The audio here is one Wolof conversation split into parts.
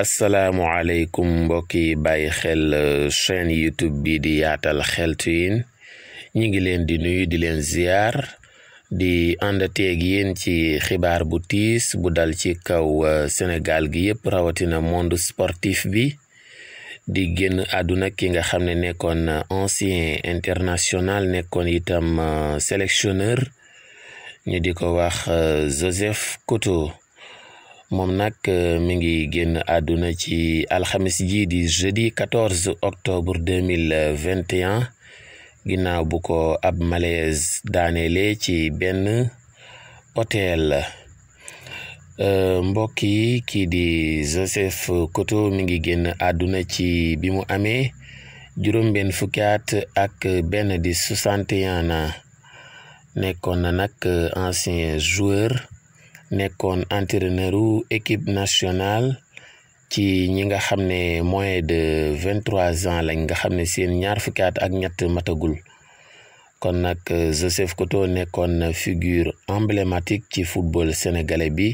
asalaamualeykum mbokk yi bàyyi xel euh, chaîne youtube bi di yaatal xeltu yin ñi ngi leen di nuyu di leen ziar di àndateeg yéen ci xibaar bu tiis bu dal ci kaw euh, sénégal gi yëpp rawatina mond sportif bi di génn àdduna ki nga xam ne nekkoon euh, ancien international nekkoon itam sélectionneur ñu di ko wax Joseph Koto moom nag euh, mi ngi génn àdduna ci alxamis ji di jeudi 14 octobre 2021 ginnaaw bu ko ab malaise daaneele ci benn hôtel euh, mbokk yi kii di Joseph Koto mi ngi génn àdduna ci bi mu amee juróom benn fukki ak benn di 61 ans nekkoon na nag euh, ancien joueur nekkoon entraîneur u équipe nationale ci ñi nga xam ne moins de vingt trois ans lañ nga xam ne seen ñaar fukki ak ñett matagul kon nag euh, Joseph Koto nekkoon na figure emblématique ci football sénégalais bi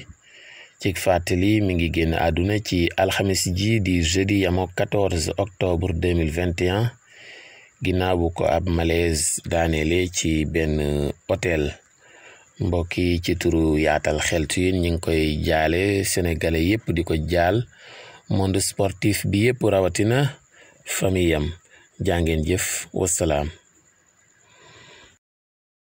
ci fàttali mi ngi génn àdduna ci alxamis ji di jeudi yamoo 14 octobre 2021 ginnaaw bu ko ab malaise daaneele ci benn hôtel. mbokk yi ci turu yaatal xeltu yi ñu ngi koy jaale sénégalais yëpp di ko jaal monde sportif bi yëpp rawatina famille am jàngeen jëf wasalaam